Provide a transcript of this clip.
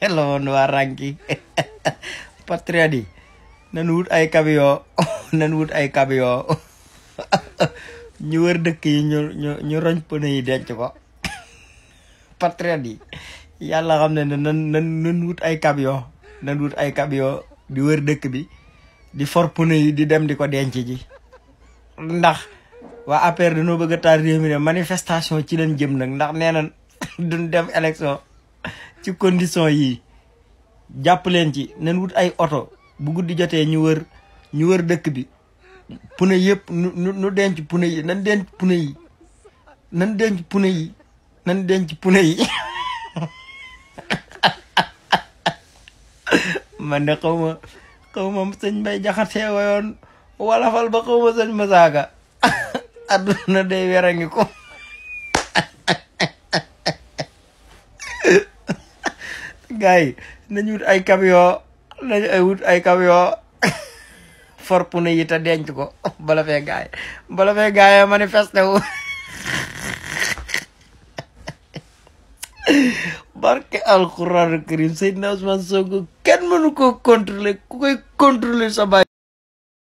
la woon waa Ranki patriote yi nan wut ay camion nan wut ay camion ñu wër dëkk yi ñu ñu roñ pëne yi denc ko patriote yi yàlla xam na nan wut ay camion nan wut ay camion di wër dëkk bi di for pëne yi di dem di ko denc ji ndax waa APR dañoo bëgg a taal réew mi manifestation ci leen jëm nag ndax nee nan duñ dem élection ci condition yi jàpp leen ci nañ wut ay oto bu guddi jotee ñu wër ñu wër dëkk bi pune yëpp nu denc pune yi nan denc pune yi nan denc pune yi nan denc pune yi man de xaw ma sëñ Mbay Jaxate wayoon walafal ba xaw ma sëñ Masaaga adduna day werangi ko gars yi nañu wut ay camion nañu ay wut ay camion for pune yi te denc ko bala fee gaay bala fee gaay manifesté wu barke alxuraanu karim Seydina Ousmane Sonko kenn mënu koo contrôler ku koy contrôler sa baay